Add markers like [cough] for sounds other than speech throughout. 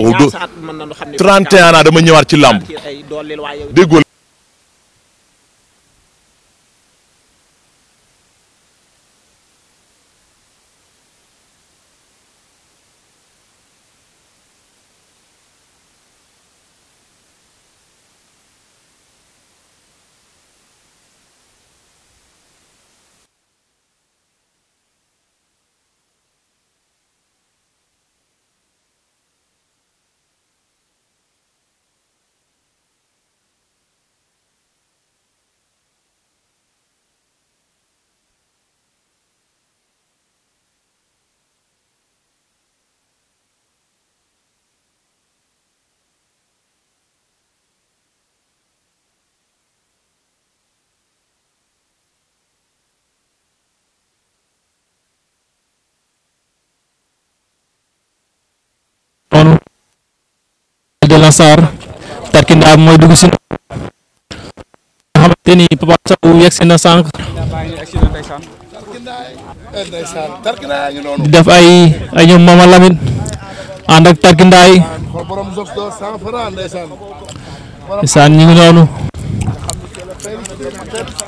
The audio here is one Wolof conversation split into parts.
gis nga ko. 31 ans dama ñëwaat de Lansar tarkinda mooy dugg si xamante ni Papa Sow yegg def ay ay Mama Lamine ànd ak tarkindaay isan,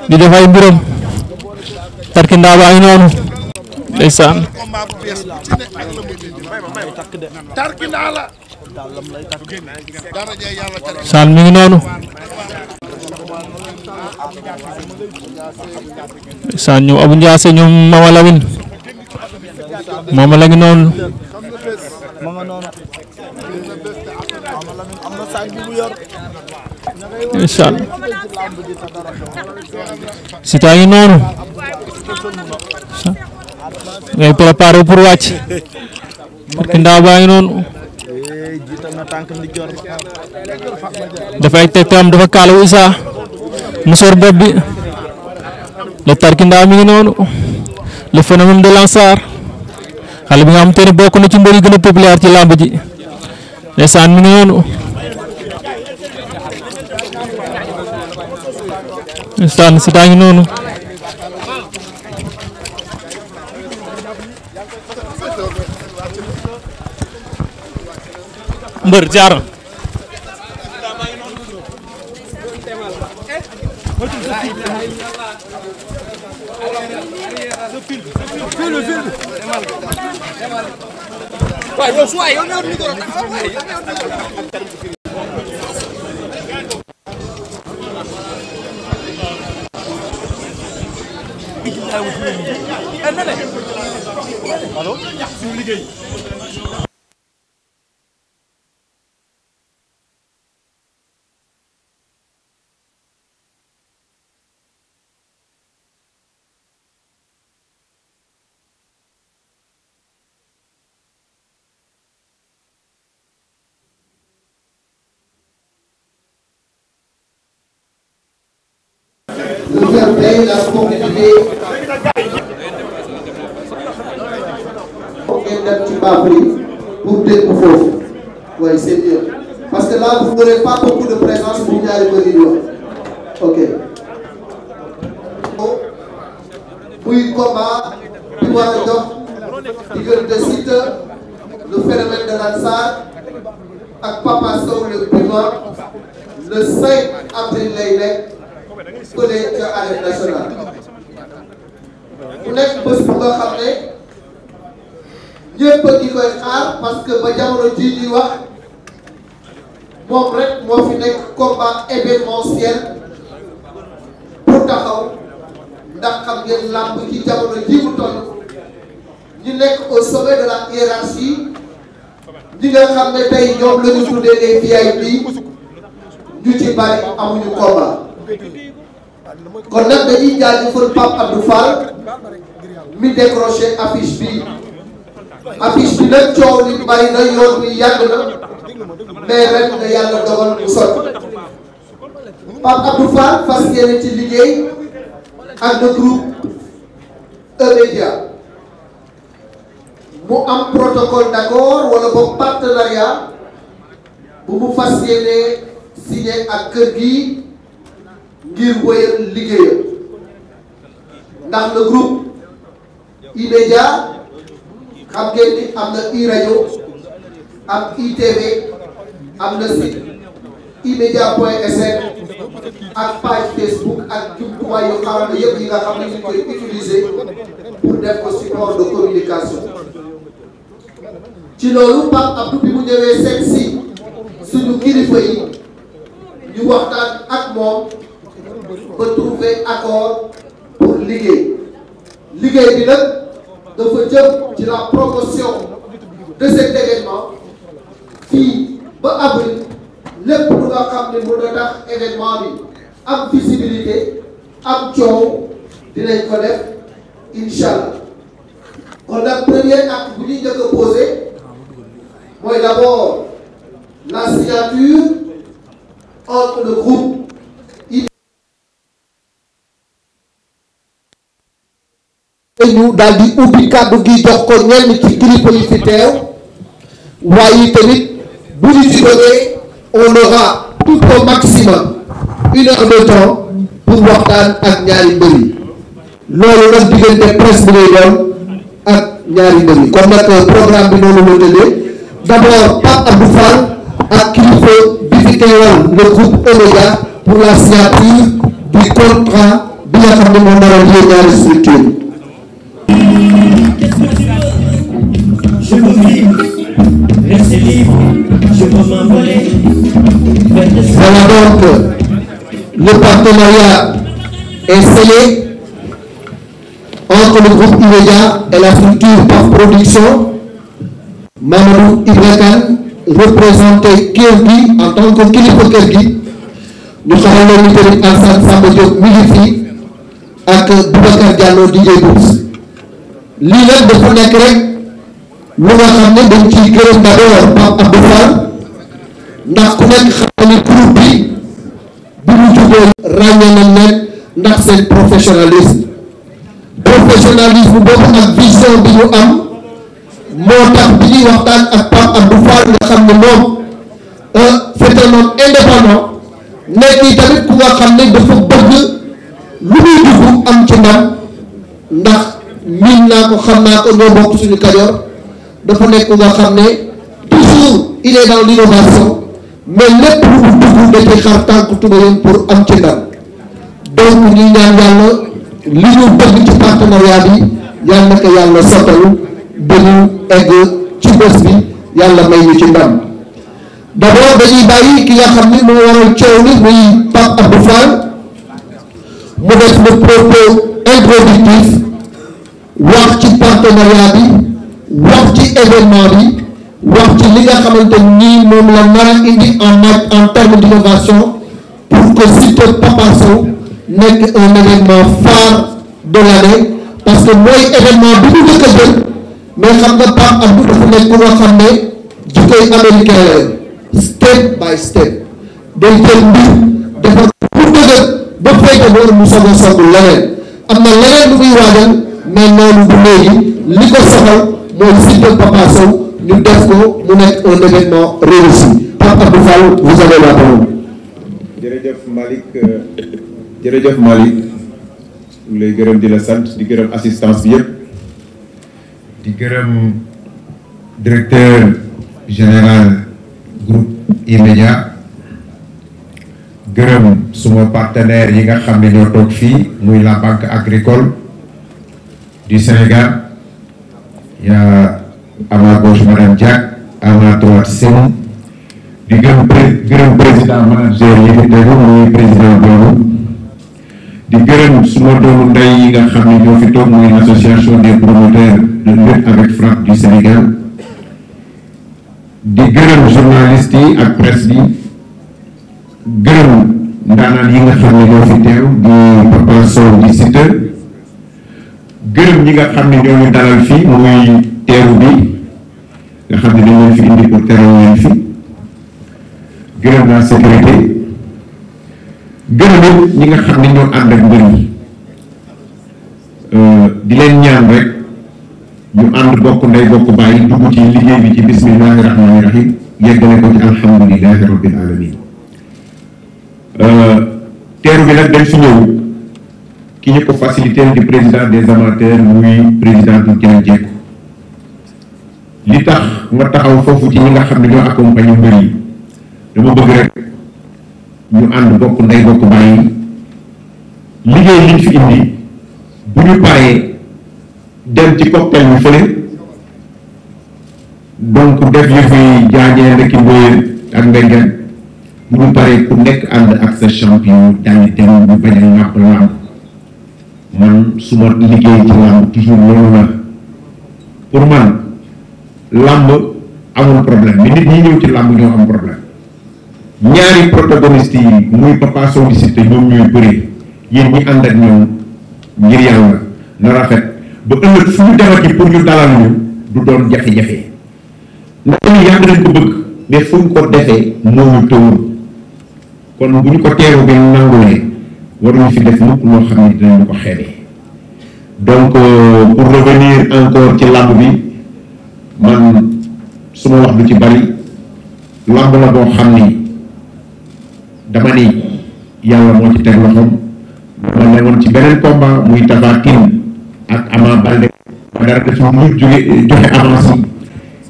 di def ay mbiram tarkindaa baa ngi noonu Terkendala. Saan mi ngi noonu Saan ñoom Abu Ndiasse ñoom Mama Lamine Mama la ngi noonu Saan si dafay tegtam dafa kaalaw isa mu sor bopp bi le tarkindaa mi ngi noonu le phénomène de Lansar xale bi nga xam te ne na ci mbër yi populaire ci làmb ji ndeysaan mi ngi noonu ndeysaan si ngi noonu mbër jaar Halo? la éliminé. Combien Ok, tu m'as pris pour tes pauvres Oui, c'est mieux. Parce que là, vous n'aurez pas beaucoup de présence pour à aller Ok. Oui, oh. combat, puis voilà donc, de site, le phénomène de l'Ansar, avec Papa Sow le piment, le 5 avril, fële ca arène nationale nekk bés bu nga xam ne ñëpp a koy xaar parce que jamono jii ñuy wax moom rek moo fi nekk combat événementiel pour taxaw ndax xam ngeen làmb ci jamono ji mu toll ñu nekk au sommet de la hiérarchie ñi nga xam ne tey ñoom la ñu tuddee VIP ñu ci bari amuñu combat. kon nag dañuy jaajëfal Pape Abdou Fall mi décroché affiche bi affiche bi nag coow li bari na yoon wi yàgg na mais ren nga yàlla dogal mu sotti Pape Abdou Fall fas yéene ci liggéey ak groupe e mu am protocole d'accord wala boog partenariat bu mu fas yéene signé ak kër gi. ngir wéyal liggéeyam ndax le groupe E-Media xam ngeen ni am na E-Radio am ITV am na site e point sn ak page Facebook ak jumtuwaay yu xarala yëpp yi nga xam ne ñu koy utiliser pour def ko support de communication ci loolu Pape Abdou bi mu ñëwee seet si suñu kilifa yi ñu waxtaan ak moom pour trouver accord pour liguer. Liguer bi le dafa jëm la promotion de cet événement qui, ba avril le programme nga l'événement de événement visibilité am coow dinañ ko def Inshallah. On a premier acte bu ñuy a d'abord la signature entre le groupe. ñu daal di ubbi kàddu gi jox ko ñenn ci kilifa yi fi teew waaye tamit bu ñu ci jógee on aura tout au maximum pour waxtaan ak ñaari mbër yi loolu nag diggante presse bi lay ak ñaari mbër yi kon nag programme bi noonu la tëddee d'abord Pape Abdou Fall ak kilifa bi fi teewal le groupe Emedia pour la signature du contrat bi nga xam ne moom la doon ñaari Qu'est-ce que tu veux Je veux vivre, rester libre, je veux m'envoler. Voilà donc le partenariat est scellé entre le groupe Iveya et la structure par production. Mamadou Ibrakan, représenté Kergui en tant que Kilipo Nous avons le Niperik Hassan Sambo Diop Milifi avec Boubacar Diallo DJ 12. lii nag dafa nekk rek lu nga xam ne dañ ciy gërëm d'abord Pape Abdou Fall ndax ku nekk xam ne groupe bi bi mu jógee ràññee nañ leen ndax seen professionnalisme professionnalisme boobu ak vision bi ñu am moo tax bi ñuy waxtaan ak Pape Abdou Fall nga xam ne moom c'était euh, moom indépendant nekk yi tamit ku nga xam ne dafa bëgg lu muy dugg am ci ndam ndax miin naa ko xam naa ko ñoo bokk suñu Kajoor dafa nekk nga xam ne toujours il est dans l'innovation mais lépp lu mu dugg da ciy xar tànk tubéyam pour am ci ndam donc ñuy ñaan yàlla li ñu bëgg ci partenariat bi yàlla na yàlla sottal ba ñu egg ci bés bi yàlla may ñu ci ndam d'abord dañuy bàyyi ki nga xam ne moo waral coow li muy Pape Abdou Fall mu def le propos introductif wax ci partenariat bi wax ci événement bi wax ci li nga xamante nii moom la nar indi en mode en terme d'innovation pour que Siteu Papa Sow nekk un événement phare de parce que mooy événement bi ñu njëkk a jël xam nga Pape Abdou dafa nekk ku xam ne jikkoy américain la step by step day jël mbir dafa pour dëgër ba fay ko mu soog a soog leneen am na leneen lu muy waajal mais loolu bu léegi li ko soxal mooy Siteu Papa Sow ñu def ko mu nekk un événement réussi Pape Abdou Fall vous avez la parole. jërëjëf Malick euh, jërëjëf Malick ñu lay gërëm di sant di gërëm assistance bi yëpp directeur général groupe e gërëm suma partenaire yi nga xam ne ñoo toog fii muy la banque agricole du Sénégal. Il y a à ma gauche Madame Diack, à ma droite Sémou. président manager yi fi tegu muy président boobu. di gërëm suma doomu ndey yi nga xam ne ñoo fi toog muy association des promoteurs de lutte avec frappe du Sénégal. di gërëm journaliste yi ak presse bi gërëm yi nga xam ne ñoo fi teew di Papa di Siteu gërëm ñi nga xam ne ñoo ñu dalal fii muy teeru bi nga xam ne dañ leen fi indi pour teral leen fi gërëm la sécurité gërëm ñi nga xam ne ñoo ànd ak mbir mi euh, di leen ñaan rek ñu ànd bokk ndey bokk bàyyi dugg ci liggéey bi ci bismillahi rahmaani rahim yeggale ko ci alhamdulilahi rabbil alamin euh, teeru bi nag dañ fi ñëw ki ñu ko facilité di président des amateurs muy président du Jël Jékku li tax ma taxaw foofu ci ñi nga xam ne ñoo accompagné mbër yi dama bëgg rek ñu ànd bokk ndey bokk bàyyi liggéey liñ fi indi bu ñu paree dem ci cocktail bi fële donc def yëfi jaajee rek mbóoyeen ak mbengeen bu ñu paree ku nekk ànd ak sa champion daañu dem ñu bañ a ñàpp man suma liggéey ci ci toujours loolu la pour man lamb amul problème mais nit ñi ñëw ci lamb ñoo am problème ñaari protagoniste yi muy papa sollicité ñoom ñooy bëri yéen ñi ànd ak ñoom ngir yàlla na rafet ba ëllëg suñu dara ci pour ñu dalal ñu du doon jafe-jafe ndax ñu yàgg nañ ko bëgg mais fu ñu ko defee moo ñu tëwul kon bu ñu ko teeru bi nangulee waruñu fi def mukk loo xam ne dinañ ko xeebi donc pour revenir encore ci làmb bi man suma wax du ci bari làmb la boo xam ni dama ni yàlla moo ci teg loxoom ma ne woon ci beneen combat muy Tapha ak Ama ma dara def jóge joxe avance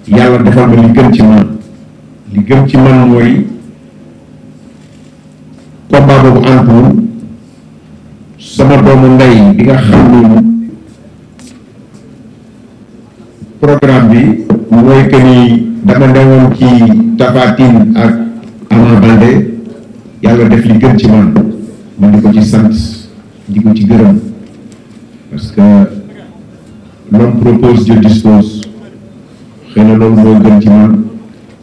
yàlla defal ma li gën ci man li gën ci man mooy combat boobu entour sama doomu ndey bi nga xamni programme bi moy ke ni dama ndewon ci tafatin ak Ama Baldé yalla def li gën ci man ma diko ci sante diko ci gëreum parce que l'homme propose Dieu dispose xena non mo gën ci man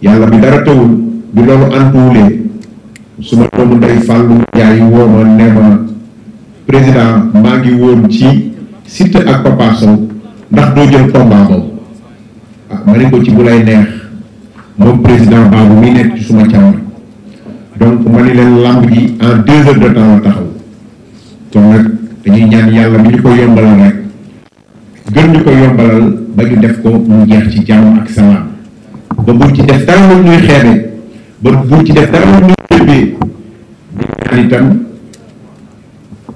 yalla bi dara tawul bi lolu antoulé suma ma doomu ndey fàllu yaay woo ma ne président ma ngi woon ci site ak Papa Sow ndax doo jël combat boobu ah ma ne ko ci bu lay neex moom président Babou mi nekk ci suma càmmoñ donc ma ne leen làmb ji en deux heures de temps la taxaw kon nag dañuy ñaan yàlla mi ñu ko yombalal rek gën ñu ko yombalal ba ñu def ko mu jeex ci jàmm ak salaam ba bu ci def dara moom ñuy xeebe ba bu ci def dara moom ñuy xeebee di ñaan itam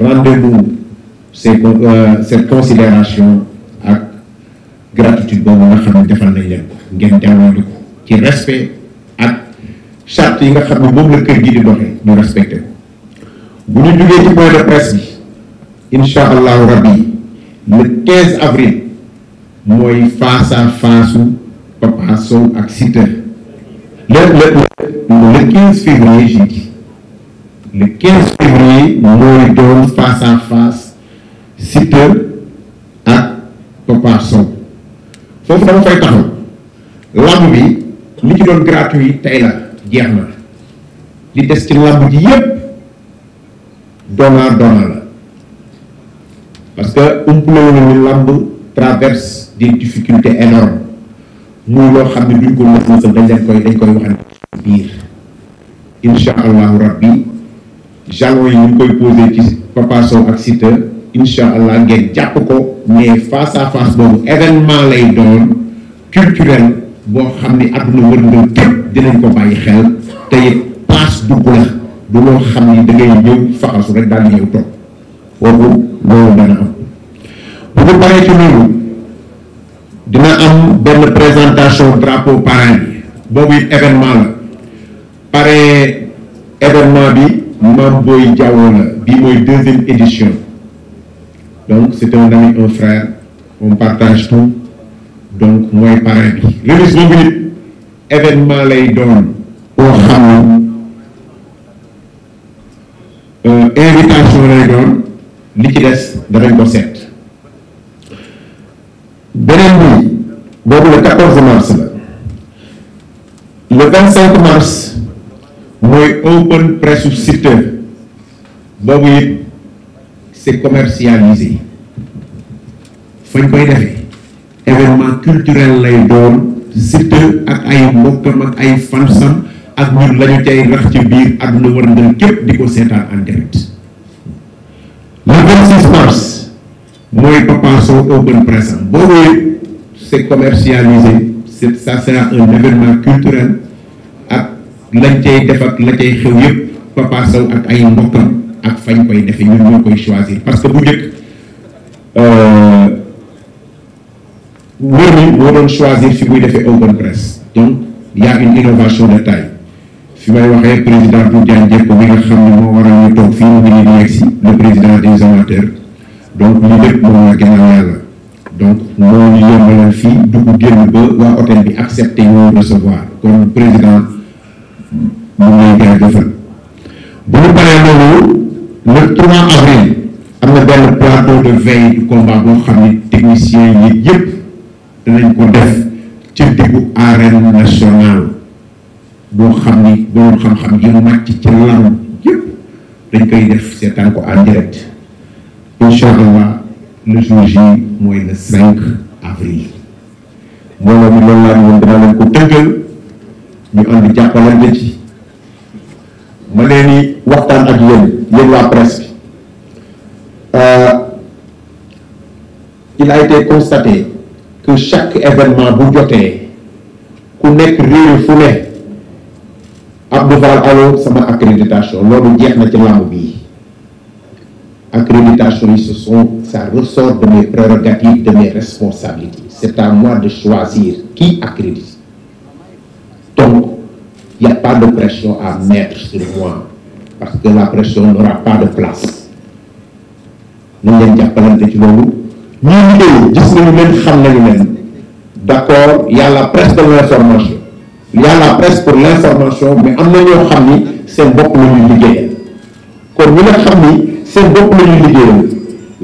rendez-vous ces euh, cette considération ak gratitude pour nga xam ne defal nañ leen ko ci respect ak charte yi nga nous ne moom la kër di doxee ñu respecté ko bu ñu ci de presse Inch'Allah rabbi le 15 avril mooy face à face au Papa son ak le le le 15 février dit le 15 février nous donnons face à face Siteu à Papa Sow Faut faire un taxaw làmb bi li ci doon gratuit taille la jeex na li des ci làmb ji yépp doona parce que umpule woon ni làmb traverse des difficultés énormes Nous avons xam ne duñ rabbi jalon yi ñu koy posé ci Papa Sow ak Siteu incha allah ngeen jàpp ko mais face à face boobu événement lay doon culturel boo xam ni àdduna wërngal képp dinañ ko bàyyi xel te it paas dugg la du loo xam ni da ngay ñëw rek daal di ñëw toog kooku loolu am bu ñu paree ci loolu dina am benn présentation drapeau parrain bi boobu it événement la pare événement bi Mame Boye deuxième édition donc c'est un ami un frère on partage tout donc moi et bi remise événement lay doon boo xam euh, invitation lay donne li ci des Demain ko le 14 mars le 25 mars mooy open press u Siteu c'est commercialisé fañ koy defee événement culturel lay doon site ak ay mbokkam ak ay fansam ak ñu lañu tay cay ci biir àdduna war nga képp di ko en direct le 26 mars mooy Papa Sow open press am c'est commercialisé c'est ça c'est un événement culturel lañ cay def ak la cay xew yëpp Papa saw ak ay mbokkam ak fañ koy defee ñun ñoo koy choisir parce que bu njëkk euh, wër ni moo doon choisir fi muy defee open presse donc y une innovation de taille fi may waxee président bu Diagne ko mi nga xam ne moo waral ñu toog fii mu ngi nii di si le président des amateurs donc ñu lépp moom la gannaaw yàlla donc moo ñu yombalal fii dugg génn ba waa hôtel bi accepté ñoo recevoir comme président mu ngi a jaajëfal bu ñu paree loolu le 3 avril am na benn plateau de veille du combat boo xam ni technicien yi yëpp danañ ko def ci diggu arène nationale boo xam ni boroom xam-xam yi màcc ci lamb yëpp dañ koy def seetaan ko en direct incha allah le jour J mooy le 5 avril mbooloo mi loolu laa ñu woon dana leen ko tëggal ñu ànd jàppalante ci Euh, il a été constaté que chaque événement bu jotee ku nekk fu accréditation accréditation ce ça ressort de mes prérogatives de mes responsabilités c'est à moi de choisir qui accrédite il n'y a pas de pression à mettre sur moi parce que la pression n'aura pas de place. Nous n'avons jàppalante ci loolu y a la presse pour l'information Il y a la presse pour l'information mais en na ñoo c'est beaucoup seen bopp la ñuy c'est beaucoup plus nga xam ni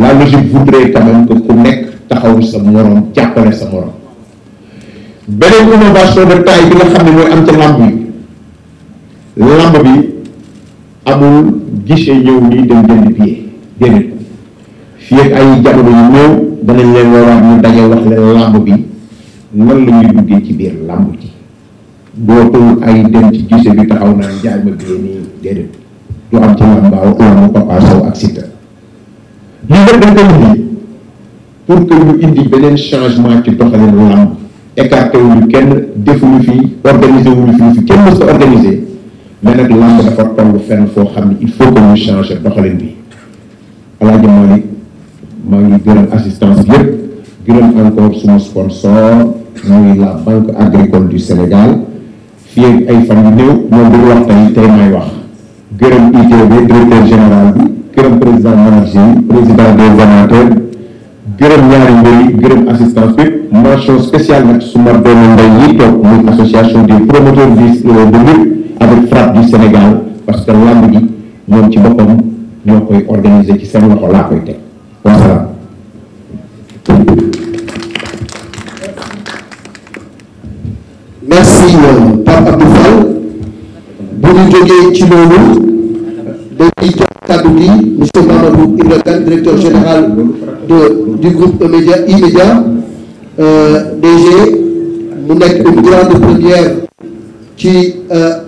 la logique voudrait quand même que vous mec taxaw sa morom jàppale sa morom beneen innovation de taille bi nga xam ne am lamb bi amul guichet ñëw nii dem jënd billet déedéet fii ak ay jamono yu néew danañ leen woowaat ñu daje wax leen lamb bi nan la ñuy duggee ci biir lamb ji dootul ay dem ci guichet bi taxaw naan jaay ma billet nii déedéet du am ci lambaaw lamb Papa Sow ak Siteu lii lépp dañ koy indi pour que ñu indi beneen changement ci doxalin lamb écarté wuñu kenn defuñu fi organisé wuñu fi fi kenn mës ko organisé mais nag làmb dafa toll fenn foo xam ne il faut que ñu changer doxalin bi Alaaji Malick maa ngi gërëm assistance bi yëpp gërëm encore suma sponsor mooy la banque agricole du Sénégal fii ak ay fan yu néew ñoom du wax tey tey may wax gërëm ITB directeur général bi gërëm président manager yi président des amateurs gërëm ñaari mbir yi gërëm assistance bi mention spéciale nag suma doomu ndey yi toog muy association des promoteurs du euh, de lutte avec frappe du Sénégal parce que làmb ji ñoom ci boppam ñoo koy organiser ci seen loxo laa koy teg wasalaam merci euh, Pape Abdou directeur général de du groupe Emedia Emedia euh, DG mu nekk une grande première ci euh,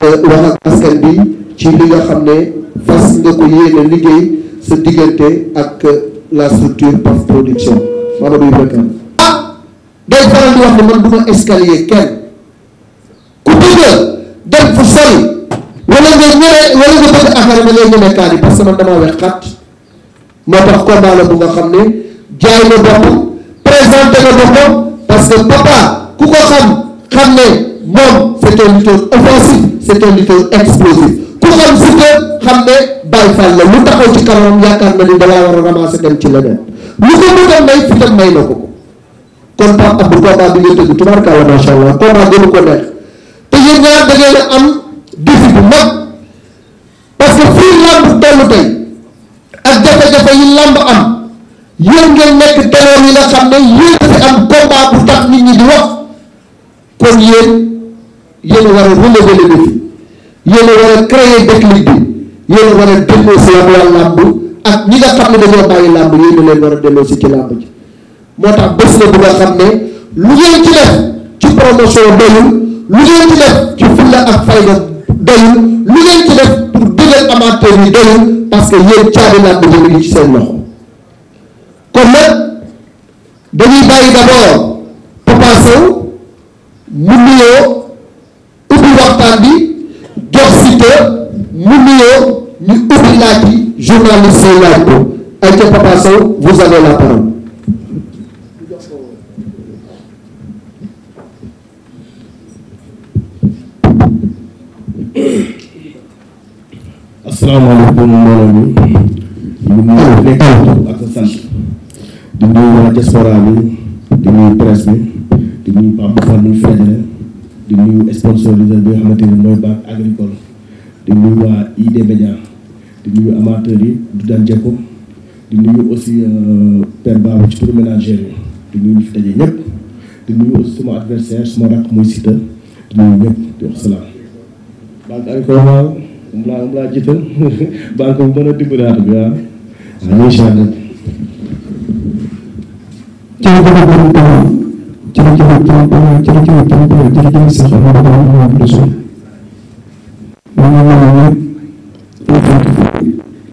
Euh, wala askan bi ci li nga xam ne fas nga ko yéene liggéey sa diggante ak euh, la structure PAF production Mamadou Ibra Kane ah day faral di wax ne man du ma escalier kenn ku bëgg dem fu sori wala nga ñëwee wala yi parce man damaa wex xat moo tax combat la bu nga xam ne jaay na boppam présenté na boppam parce papa ku ko xam xam ne moom c' est un lutteur offensif c' ku xam Siteu xam ne Baye Fall lu taxaw ci kanam yaakaar dalaa war a ramasser dem ci leneen lu ko mën a may Siteu may na ko kon Pape Abdou combat bi nga tëgg tubaarkàlla macha allah combat gënu ko neex te a am défi bu mag parce que fii làmb toll tey ak xam ne yéen a fi am combat bu tax nit ñi di wax kon yéen. yéen a war a renouveler bi yéen war a créer déclic war a delloo si waa làmb ak ñi nga xam ne dañoo bàyyi làmb yéen leen war a delloo si ci làmb ji moo tax bés bu nga xam ne lu ngeen ci def ci promotion doyul lu ngeen ci def ci fulla ak fayda doyul lu ngeen ci def pour dëggal amateur yi doyul parce que caabi làmb ji mu ngi ci seen loxo kon nag dañuy bàyyi d'abord Papa Sow nuyoo ubbi waxtaan bi jox site mu nuyoo ñu ubbi laaj bi journaliste yi laaj ko ayca Papa Sow vous avez la parole. asalaamaaleykum mbooloo mi ñu ngi nekk ak sant di nuyu waa diaspora bi di nuyu presse bi di nuyu Pape Fane di nuyu sponsor bi nga xamante ni mooy banque agricole di nuyu waa ID Media di nuyu amateur yi du daan jekko di nuyu aussi euh, père Babou ci turu ménagère yi di nuyu ñu fi daje ñëpp di nuyu aussi sama adversaire sama rakk muy Sita di nuyu ñëpp di wax salaam banque agricole waaw moom laa moom laa jiital [laughs] banque bu mën a dimbalaat bi waaw ah. waaw incha allah. jërëjëf jërëjëf jërëjëf jërëjëf sax maa ngi doon wax de suuf maa ngi doon wax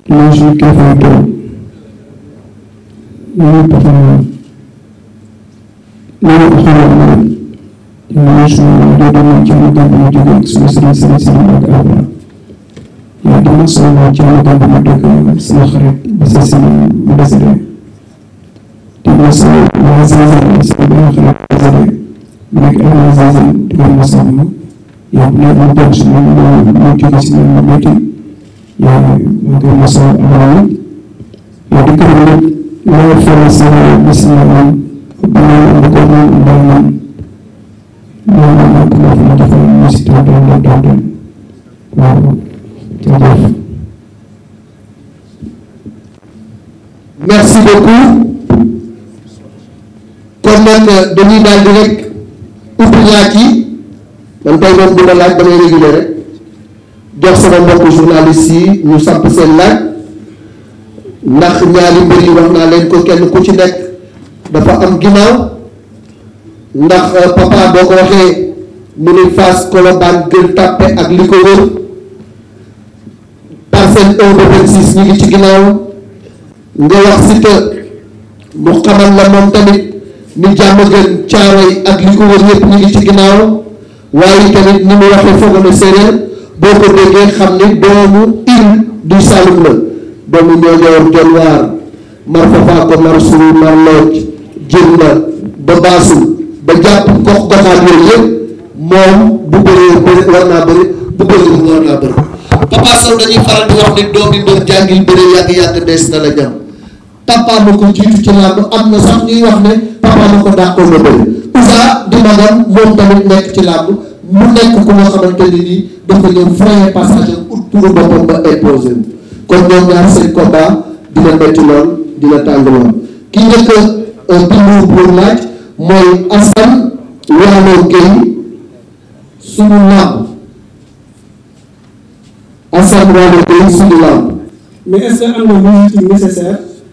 les jours qui font toog ñëpp fa ñëw ñëpp xoolal ma ñëw suñu doo doon ci lu gàmb mu jóge ak suñu sëriñ sëriñ sëriñ ak àbba yaa dama sonn ci lu gàmb mu dëkk sama xarit bi sa sëriñ mu desiree te ma sonn ma sa sëriñ sama benn xarit Merci beaucoup. kon nag euh, dañuy daal di rek ubbi laaj yi man tey moom du laaj damay réguler rek jox sama mbokk journaliste yi ñu samp seen laaj ndax ñaari mbir yi wax naa leen ko kenn ku ci nekk dafa am ginnaaw ndax euh, papa boo ko waxee mu ne Fass Colobane Gueule Tapée ak li ko wër parcelle 1 ba 26 ñu ngi ci ginnaaw nga wax si te mu xamal la moom tamit. ni jàmm gën caaroy ak li ko wër yëpp ñu ngi ci ginnaaw waaye tamit ni mu waxee foog na séeréer boo ko déggee xam ni doomu île du Saloum la doomu ñoo ñëwoon jon waar mar fafaa ko mar suur mar looj jën na ba baasul ba jàpp gox goxaat yooyu yëpp moom bu bëree bëri war naa bëri bu bëri war naa bëri Papa Sow dañuy faral di wax ni doom di doon jàngil bëri yàgg-yàgg dees na la jàmm papa ma ko jiitu ci làmb am na sax ñuy wax ne papa ma ko dàqoon na bëri Ousa di magam moom tamit nekk ci làmb mu nekk ku nga xamante ne nii dafa ñëw frayer passage ut turu boppam ba imposé kon ñoom ñaar seen combat dina métti lool dina tàng lool ki njëkk a euh, bindu pour laaj mooy Assane Waalo Gueye suñu làmb Assane Waalo Gueye suñu làmb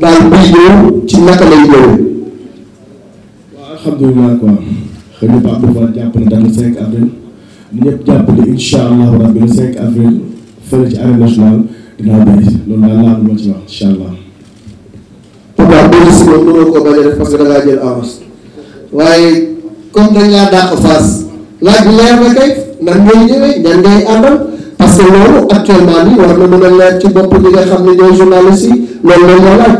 daal buy ñëw ci naka lay ñëwee. waaw alhamdulilah quoi xëy na Pape Diouf jàpp na daal 5 avril ñëpp jàpp ne incha allahu rabbi 5 avril fële ci arène nationale dinaa bëri loolu daal laa ma ci wax incha allah. kon daal boo gis moom mënoo ko bañ a def parce que da ngaa jël avance waaye comme dañ laa dàq face laaj bi leer na kay nan ngay ñëwee ñan ngay àndal parce que loolu actuellement nii war na mën leer ci bopp ñi nga xam ne journaliste yi loolu la laaj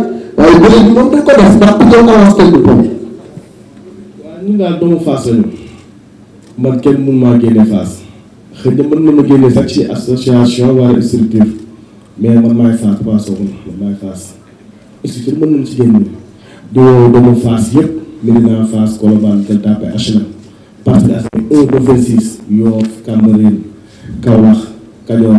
waaye ba léegi moom dañ ko def ndax ku jël avance kenn du toog. waaw ñun daal doomu Fass lañu man kenn mënu maa génne Fass xëy na mën ma génne sax ci association wala structure mais man maay Fass Papa Sow man maay Fass structure mën nañu ci génne di woo doomu Fass yëpp Médina Fass Colobane Gueule Tapée HLM parce que 1 ba 26 Yoff Cambérène Kaolack Kajoor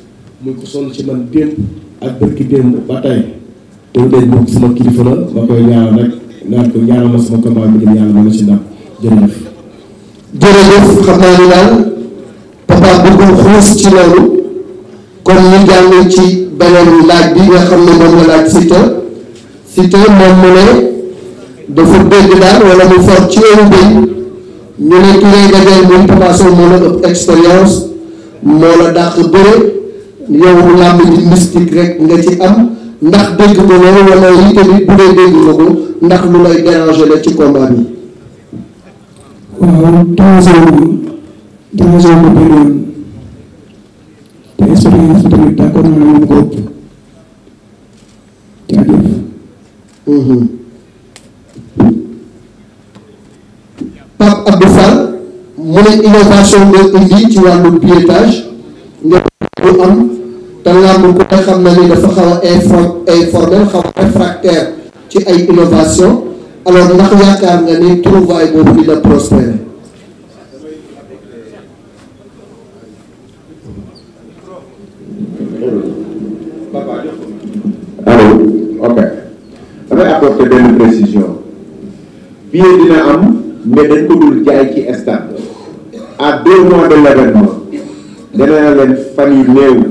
muy ko sonn ci man démb ak bërki démb ba tey te dee moom sama kilifa la ma koy ñaanal rek naan ko ñaanal ma sama combat bi dem ma ci ndam jërëjëf jërëjëf xam ni daal papa bëggul xuus ci ñu ci laaj bi nga la laaj dégg wala mu ci ñu ki Papa la la bëre yow làmb ji mystique rek nga ci am ndax dégg nga loolu wala yi tamit bu dee dégg nga ndax lu lay déranger la ci combat bi. waaw déranger wu déranger innovation nga indi ci wàllu piétage nga am. te làmb xam na ni dafa xaw a inform xaw a ci ay innovation alors ndax yaakaar nga ni trouvaille boobu dina prospérer. allo ok damay apporter benn précision billet dina am mais dañ ko dul jaay ci stade à deux mois de l'événement dana leen fan yu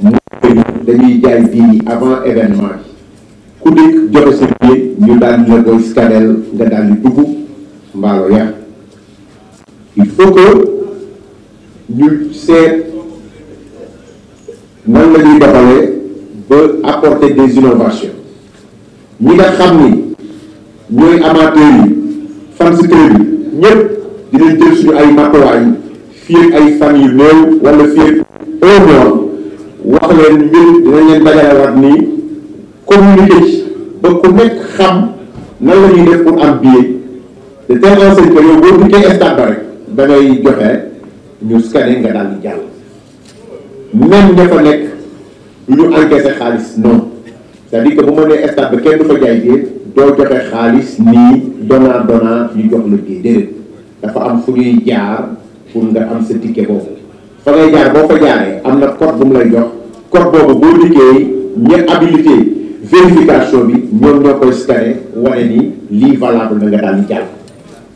mooy dañuy jaay bii avant événement ku dikk joxe sa billet ñu daal di la koy scanner nga daal di dugg mbaalo yàq il faut que ñu seet nan la ñuy ba apporter des innovations ñi nga xam ni ñooy amateurs yi fans club yi ñëpp dinañ jël suñu ay matuwaay fii ak ay fan yu néew wala fii ak un mois wax leen mbir dinañ leen dajalewaat nii communiqué ci ba ku nekk xam nan la ñuy def pour am billet de telle enseigne que yow boo duggee stade rek da ngay joxe ñu scanné nga daal di jàll même ña fa nekk ñu encaissé xaalis noonu c'est-à-dire que bu ma nee stade kenn du fa jaay billet doo joxe xaalis nii donnant donnant ñu jox la billet déedéet dafa am fu ñuy jaar pour nga am sa ticket boobu fa ngay jaar boo fa jaaree am na code bu mu lay jox code boobu boo liggéey ñu habilité vérification bi ñoom ñoo koy scanné wane ni lii valable na nga daal di jàll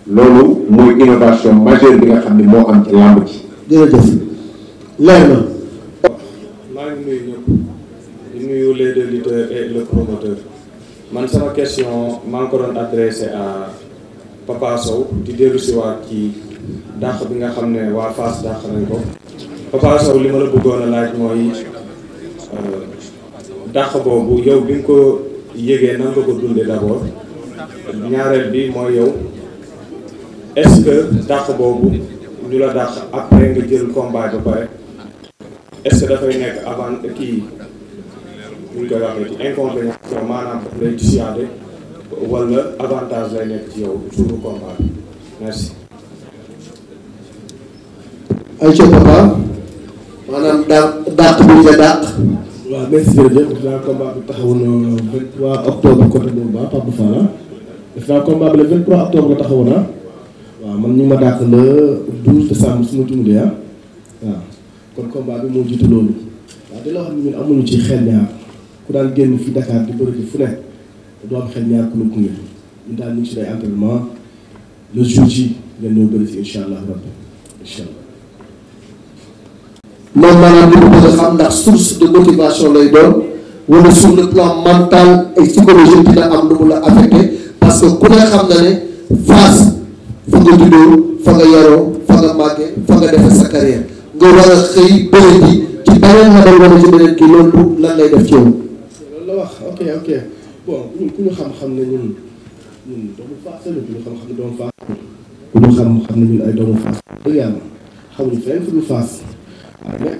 loolu mooy innovation majeure bi nga xam ne moo am ci làmb ji. jërëjëf leer na. maa ngi nuyu ñëpp nuyu les deux lutteurs et le man sama question maa ngi ko doon adressé à Papa di dellu si waat ci. dàq bi nga xam ne waa Fass dàq nañ ko Papa li ma la bëggoon a laaj mooy euh, dàq boobu yow bi nga ko yëgee nan nga ko dundee d'abord ñaareel bi mooy yow est-ce que dàq boobu ñu la dàq après nga jël combat ba pare est-ce dafay nekk avant kii ñu koy waxee ci inconvénient yow maanaam lay dissuader avantage lay nekk ci yow toujours combat ay ca papa maanaam dàq dàq bi nga dàq. waaw merci jërëjëf def naa combat bi taxawoon le 23 octobre côté boobu ah Pape Fall ah. def naa combat bi le 23 octobre taxawoon na waaw man ñu ma dàq le 12 décembre su ma jumtee ah waaw kon combat bi moo jiitu loolu. waaw di la wax amuñu ci xel ñaar ku daan génn fi Dakar di bëri fu ne doo am xel ñaar ku la gunge ñu daal ñu ngi ci day entraînement le jour ji ngeen ñoo bëri si incha allah rabbi incha loolu maanaam li ñu xam ndax source de motivation lay doon wala sur le plan mental et psychologique dina am lu mu la affecté parce que ku ne xam na ne Fass fa nga juddoo fa nga yaroo fa nga màggee fa nga defee sa carrière nga war a xëy bëri ji ci beneen label wala ci beneen kii loolu lan lay def ci yow. la wax ok ok bon ñun ku ñu xam-xam ne ñun ñun doomu Fass la ku ñu xam-xam ne doomu Fass ku ñu xam-xam ne ñun ay doomu Fass dëgg yàlla xamuñu fenn fu dul Fass mais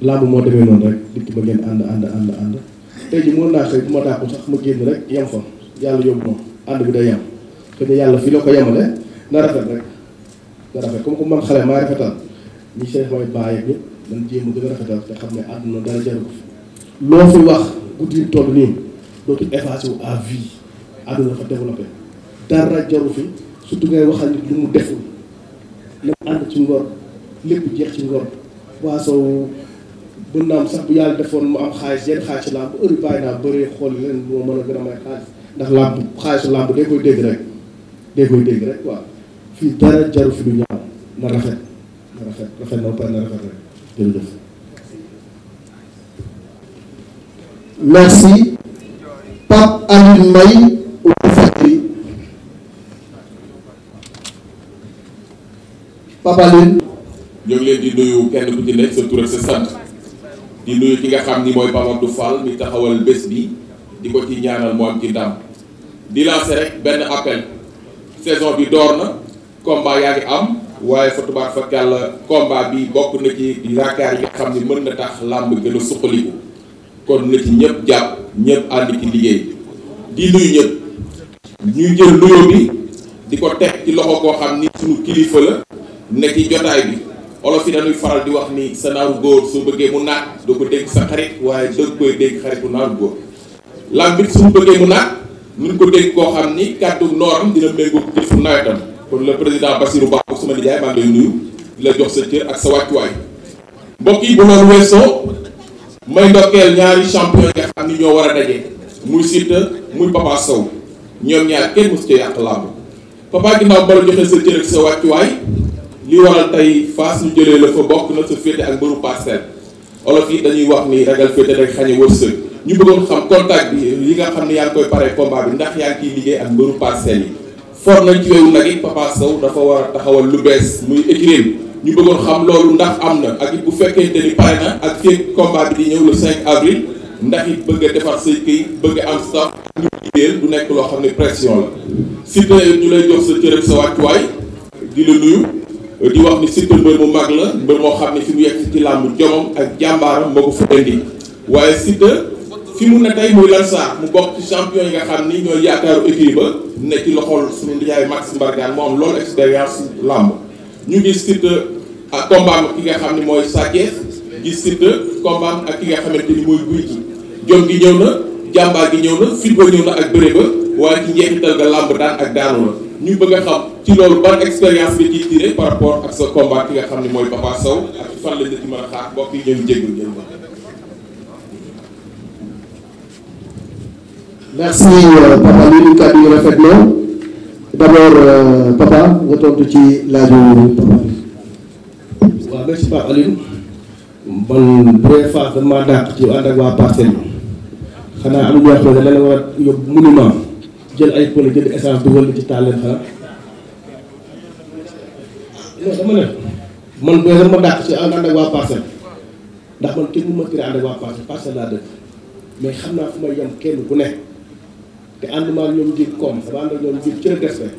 làmb moo demee noonu rek nit ki ba ngeen ànd ànd ànd ànd tey ji mën naa xëy bu ma sax ma génn rek yem fa yàlla yóbbu ma ànd bi day yem te ne yàlla fi la ko yemale na rafet rek na rafet comme comme man xale maa rafetal ñi seet may bàyyi ak ñëpp man jéem a gën rafetal te xam ne àdduna dara jaru ko fi loo fi wax guddi yi toll nii dootul effacé wu à vie àdduna dafa dara jaru fi surtout ngay waxal nit lu mu deful na ànd ci ngor lépp jeex ci ngor waa Sow mën sax bu yàlla defoon mu am xaalis yenn xaalis làmb heure bi bàyyi naa bëree xool leen moo mën a gën a may xaalis ndax làmb xaalisu làmb day koy dégg rek day koy dégg rek waaw fii dara jaru fi lu ñaaw na rafet na rafet rafet na pare na rafet rek jërëjëf merci Pape Alioune Mbaye Walfadjri Pape ñu ngi leen di nuyu kenn ku ci nekk sa tur sa sant di nuyu ki nga xam ni mooy Pape Abdou Fall mi taxawal bés bi di ko ci ñaanal moo am ci ndam di rek benn appel saison bi door na combat yaa ngi am waaye fa tubaab fa yàlla combat bi bokk na ci yaakaar yi nga xam ni mën na tax làmb gën a suqaliku kon na ci ñëpp jàpp ñëpp ànd ci liggéey di nuyu ñëpp ñu jël nuyoo bi di ko teg ci loxo koo xam ni suñu kilifa la ne jotaay bi olof yi dañuy faral di wax ni sa naaru góor soo bëggee mu naat doo ko dégg sa xarit waaye doo koy dégg xaritu naaru góor lambit suñu bëggee mu naat nun ko dégg koo xam ni kàddu nooram dina méngoo jëfu nawetam kon le président Bassirou Ba suma nijaay maa ngi lay nuyu di la jox sa cër ak sa wàccuwaay mbokk bu noonu weesoo may ndokkeel ñaari champion nga xam ni ñoo war a muy Siteu muy Papa Sow ñoom ñaar kenn mosu ca yàq làmb papa ginnaaw bala li waral tey faas ñu jëlee la fa bokk na sa féete ak mbëru parcelle olof yi dañuy wax ni ragal féete rek xañe wërsëg ñu bëggoon xam contact bi li nga xam ne yaa ngi koy pare combat bi ndax yaa ngi ciy liggéey ak mbëru parcelle yi for nañ ci wewu nag it Papa Sow dafa war a taxawal lu bees muy écrire ñu bëggoon xam loolu ndax am na ak bu fekkente ni pare na ak fekk combat bi di ñëw le 5 avril ndax it bëgg a defar say këy bëgg am sax ñu liggéeyal du nekk loo xam ne pression la Siteu ñu lay jox sa cërëb sa wàccuwaay di wax ni situl mbër mu mag la mbir moo xam ne fi mu yegg ci làmb jomam ak jàmbaaram moo ko fa indi waaye Siteu fi mu ne tey muy Lansar mu bokk ci champion yi nga xam ni ñooy yaakaaru équipe ba ne ci loxol suñu ndijaay Max Mbargane moo am lool expérience làmb ñu gis Siteu ak combat ak ki nga xam ne mooy Sa Thiès gis Siteu combat ak ki nga xamante ni mooy Gouye Gui jom gi ñëw na jàmbaar gi ñëw na fit ba ñëw na ak bëre ba waaye ci njeexital ga làmb daan ak daanu la ñuy bëgg a xam ci loolu ban expérience bi ciy tiré par rapport ak sa combat ki nga xam ne mooy Papa Sow ak fan lañ la ci mën a xaar mbokk yi ñoom jéggul ngeen ma. merci euh, papa li ñu kàddu yu rafet na d' abord euh, papa nga tontu ci laaju papa bi. waaw merci papa Aline man bref phase dañ maa ci ànd ak waa parcelle xanaa am ñoo xam ne dana war a yóbbu monument jël ay pôles jël essence dugal ci taal leen xalaat non dama ne man booy sax ma dàq ci ànd ak waa parcelle ndax man kenn mu ma tere ànd ak waa parcelle parcelle laa dëkk mais xam naa fu may yem kenn ku nekk te ànduma ak ñoom jiit koom dama ànd ak ñoom jiit cër respect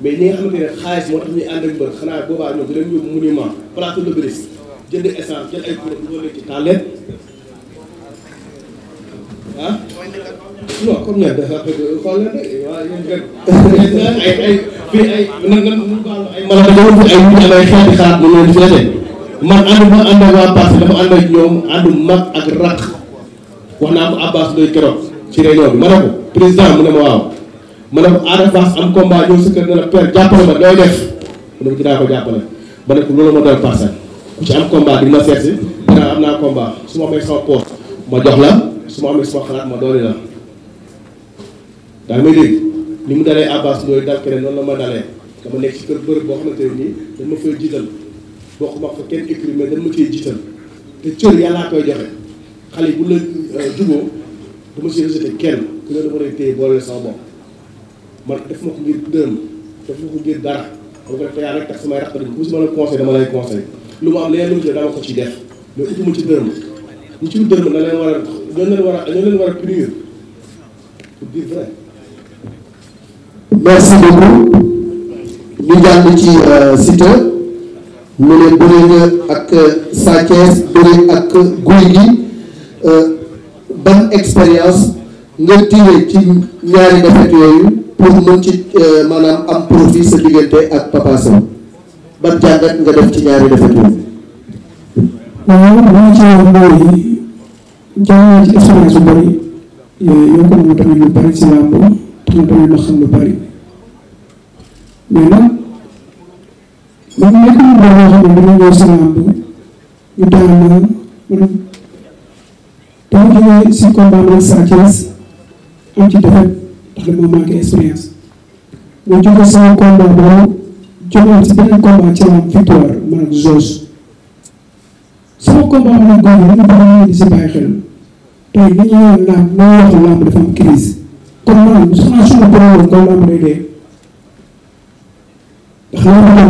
mais ñi nga xamante ne xaalis moo tax ñuy ànd ak mbër xanaa boobaa ñoom dinañ yóbbu monument place de l'Obélisque jënd essence jël ay pôles dugal leen ci taal leen ah. No, kom nee, dat gaat de vallen. malah saya saya ay ay saya xaat saya leen fete man andu ma saya wa parti dama andu ak ñoom andu mag ak rak wax naa ko abbas doy kérok ci réunion bi ma ne ko président mu ne ma waaw ma ne ko ada fas am combat ñëw sa kër ne la père jàppale ma doy def mu ne ko dinaa ko jàppale ma ne ko loolu ma doy parcel ku ci am combat di ma seet si dinaa am naa combat su ma amee sama poos ma jox la su ma amee sama xalaat ma dooli la daa may dégg ni mu dalee Abbas mooy dal keneen noonu la ma dalee dama nekk ci kër bërëb boo xamante ne nii dañ ma fay jiital bokkuma fa kenn écrit mais dañ ma cee jiital te cër yàllaa koy joxe xale yi bu la euh, juboo dama si rejeté kenn ku ne dama lay téye ma ko ngir dërëm def ma ko ngir dara dama ko def te yàlla rek tax samay raq dañ bu si ma la conseil dama lay conseil lu mu am leneen lu mu jël dama ko ci def mais utuma ci dërëm ñu ci dërëm na leen war a ñoo leen war a ñoo leen war a punir pour dire merci beaucoup ñu jàng ci euh, Siteu mu ne bëri na ak euh, Sa bëri ak Gouye Gui euh, ban expérience nga tiré ci ñaari défaite yooyu pour mën ci maanaam am profit sa diggante ak Papa ban jàngat nga def ci ñaari défaite yooyu. waaw man ci ñaari mbir yi ci expérience bu bëri yokk na ma tamit lu bëri si làmb te tamit ma xam lu bëri. mais nag ba mu nekk lu baax a xam ne si làmb ñu am ci defet ndax dama manqué expérience ma jógee sama combat boobu jógee si beneen combat ci làmb victoire man ak sama combat man ak góor dee xanaa bu doon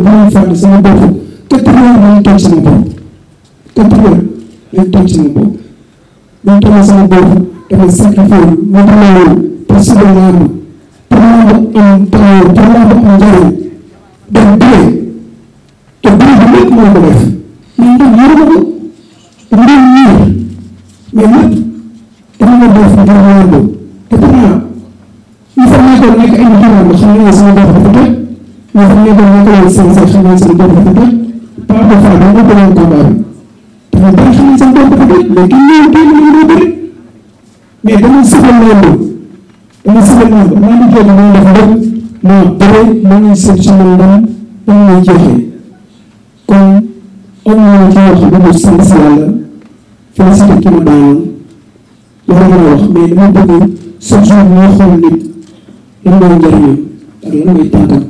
bu ñu fàtte sama bopp quatre heures ma ñu toj sama bopp quatre heures ma toj sama bopp ma ñu tojee sama bopp damay sacrifier ma tawoo pour si doon naa am pour naa ko am tawoo pour naa am njëriñ te dee bi lépp moo ko def mais te wax ne ko ñu koy seen seen xamal seen bopp bu tax par de fois dañu ko doon combat bi dafa bëri xamal seen bopp bu tax mais ki ñëw tey ñu ngi bëri mais dama sëbal leen dama sëbal leen maa ngi jéem a def lépp moo bëri moo ngi sëb ci ñoom dama dama lay joxe kon am na ci wax bu mu sant si yàlla félicité ki ma daanoon loolu la wax mais dama bëgg chaque jour ñoo xool nit lan mooy njëriñam ak lan mooy tànkam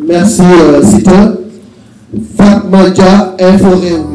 Merci, euh, Sita. Fatma Inforium.